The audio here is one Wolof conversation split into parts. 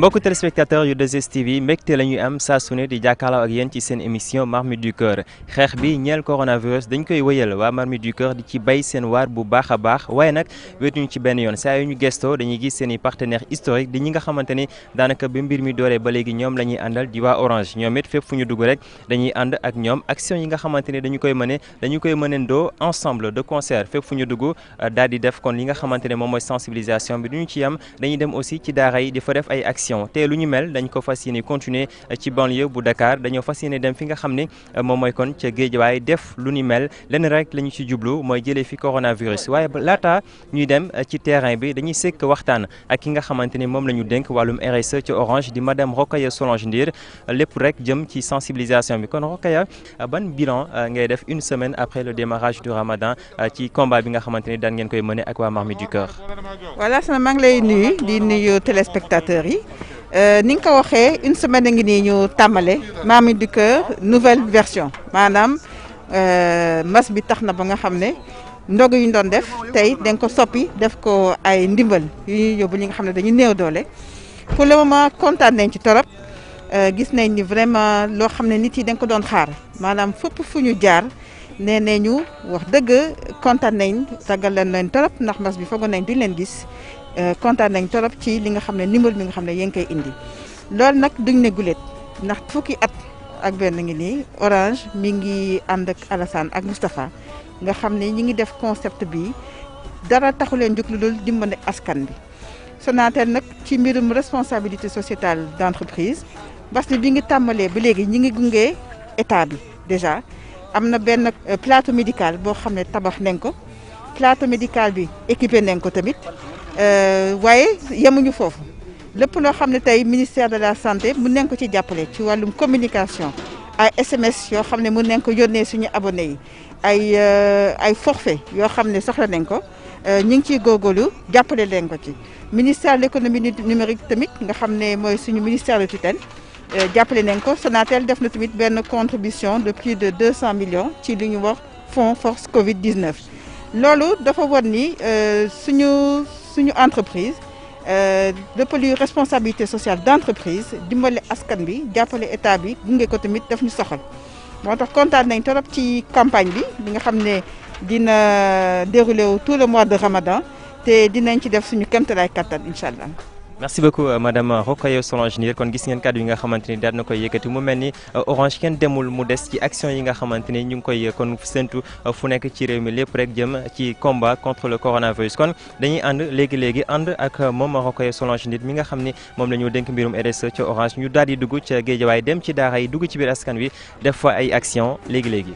mbokku téléspectateur yu 2STV mbégte la ñuy am saa su ne di jàkkaarloo ak yéen ci seen émission marmite du cœur xeex bi ñeel coronavirus dañ koy wëyal waa marmite du cœur di ci bay seen waar bu baax baax waaye nag wéetuñu ci benn yoon saa yu ñu gestoo dañuy gis seen i partenaires historiques di ñi nga xamante ni daanaka bi mbir mi dooree ba léegi ñoom la ñuy àndal di waa orange ñoom it fépp fu ñu dugg rek dañuy ànd ak ñoom action yi nga xamante ni dañu koy mëne dañu koy mënendoo ensemble de concert fépp fu ñu dugg euh, daal di def kon li nga xamante ne moom mooy sensibilisation bi duñu ci yam dañuy édition te lu ñu mel dañ ko fas yéene continuer ci banlieue bu Dakar dañoo fas yéene dem fi nga xam ne moom mooy kon ca Géejawaay def lu ñu mel lenn rek la ñu ci jublu mooy jëlee fi coronavirus waaye laata ñuy dem eh, ci terrain bi dañuy sekk waxtaan ak ki nga xamante moom la dénk wàllum RSE ci Orange di madame Rokhaya Solange Ndir lépp rek jëm ci sensibilisation bi kon Rokhaya eh, ban bilan eh, ngay def une semaine après le démarrage du Ramadan ci combat bi nga xamante ni daan ngeen koy mëne ak waa Marmite du Cœur. voilà sama maa Euh, ni nga ko waxee une semaine ngi nii ñu tàmmale Mamies du Cœur nouvelle version maanaam euh, mas bi tax na ba nga xam ne ndog yu ñu doon def tey dañ ko soppi def ko ay ndimbal yu ñuy yóbbu ñi nga xam ne dañu néew doole pour le moment kontaan nañ ci torop euh, gis nañ ni vraiment loo xam ne nit yi dañ ko doon xaar maanaam fépp fu ñu jaar nee nañu wax dëgg kontaan nañ tàggal leen leen torop ndax mas bi foogoon nañ duñ leen gis Euh, kontaan nañ torop ci li nga xam ne ndimbal mi nga xam ne yéen koy indi loolu nag duñ ne guléet ndax fukki at ak benn ngi nii Orange mi ngi ànd ak Alassane ak Moustapha nga xam ne ñi ngi def concept bi dara taxu leen jóg lu dul dimbali askan bi Sonatel nag ci mbirum responsabilité sociétal d'entreprise parce que bi ngi tàmbalee ba léegi ñi ngi gunge état bi déjà am na benn euh, plateau médical boo xam ne tabax nañ ko plateau médical bi équipé nañ ko tamit Euh, waaye yemuñu foofu lépp loo xam ne tey ministère de la santé mun nañ ko ci jàppale ci wàllum communication ay SMS yoo xam ne mun nañ ko yónnee suñu abonné yi ay euh, ay forfait yoo xam ne soxla nañ ko euh, ñu ngi ciy góorgóorlu jàppale leen ko ci ministère de l'économie numérique tamit nga xam ne mooy suñu ministère de tutelle jàppale nañ ko Sonatel def na tamit benn contribution de plus de 200 millions ci li ñu wax fonds force Covid 19. loolu dafa war ni suñu. suñu entreprise lépp euh, lu responsabilité sociale d'entreprise dimbale askan bi jàppale état bi gunge ko tamit def ñu soxal moo tax kontaan nañ torop ci campagne bi bi nga xam ne dina déroulé wu tout le mois de Ramadan te dinañ ci def suñu kéemtalaay kattan incha allah. merci beaucoup euh, madame euh, Rokhaya Solange Ndir kon gis ngeen kàddu yi nga xamante ni na koy yëkkati mu mel ni euh, orange kenn demul mu des ci action yi nga xamante ni ñu ngi koy kon séntu fu nekk ci réew mi lépp rek jëm ci combat contre le coronavirus kon dañuy ànd léegi-léegi ànd ak moom Rokhaya Solange Ndir mi nga xam ni moom la ñu dénk mbirum RSE ci orange ñu daal di dugg ca Géejawaay dem ci daara yi dugg ci biir askan wi def fa ay action léegi-léegi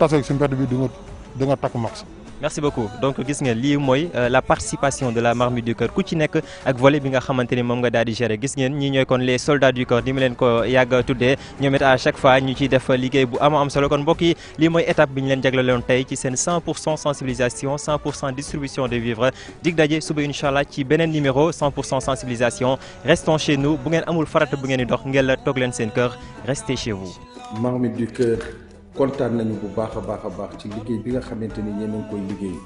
taseeg si mbedd bi merci beaucoup donc gis nga lii mooy euh, la participation de la marmite du cœur ku ci nekk ak volet bi nga xamante ni moom nga daal di gérer gis ngeen ñi ñooy kon les soldats du cœur ni mu ko yàgg a tuddee ñoom it chaque fois ñu ciy def liggéey bu ama am solo kon mbokk yi lii mooy étape bi ñu leen jagleeloon tey ci seen 100 pour cent sensibilisation 100 pour cent distribution de vivres dig suba incha ci beneen numéro 100 pour cent sensibilisation restons chez nous bu ngeen amul farata bu ngeen di dox ngeen la toog leen seen kontaan nañu bu baax a baax a baax ci liggéey bi nga xamante ne yéen a koy liggéey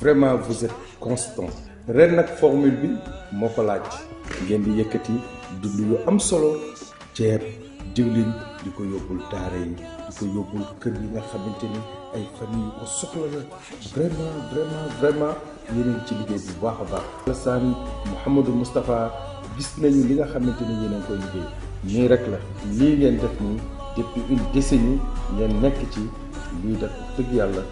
vraiment vous êtes constant ren nag formule bi moo ko laaj ngeen di yëkkati dund yu am solo ceeb diwlin di ko yóbbul daara yi di ko yóbbul kër yi nga xamante ni ay famille yu ko soxla la vraiment vraiment vraiment ci liggéey bu baax a baax. Alassane Mouhamadou Moustapha gis nañu li nga xamante ni yéen a koy liggéey nii rek la lii ngeen def nii. depuis une décennie ngeen nekk ci lii def dëgg yàlla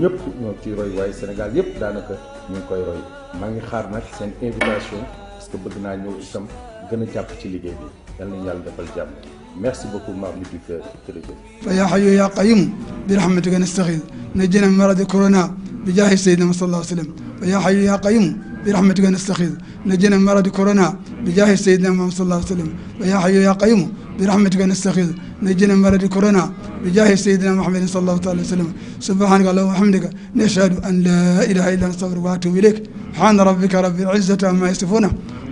ñëpp ñoo ciy roy waaye Sénégal yëpp daanaka ñu ngi koy roy maa ngi xaar nag seen invitation parce que bëgg naa ñëw itam gën a jàpp ci liggéey bi yal nañu yàlla defal jàmm merci beaucoup Mame Abdou Diouf jërëjëf yaa hayyu yaa qayyum bi rahmatika nastaxiin najjinaa min maradi corona bi jaahi sayyidina sallallahu alayhi wa sallam yaa hayyu yaa qayyum bi rahmatika nastaxiin najjinaa min maradi corona bi jaahi sayyidina Muhammad sallallahu alayhi wa برحمتك نستغيث نجينا من مرض كورونا بجاه سيدنا محمد صلى الله عليه وسلم سبحانك اللهم وبحمدك نشهد أن لا إله إلا أنت نستغفرك وأتوب إليك سبحان ربك رب العزة عما يصفون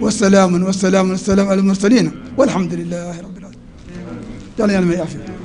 والسلام والسلام والسلام على المرسلين والحمد لله رب العالمين.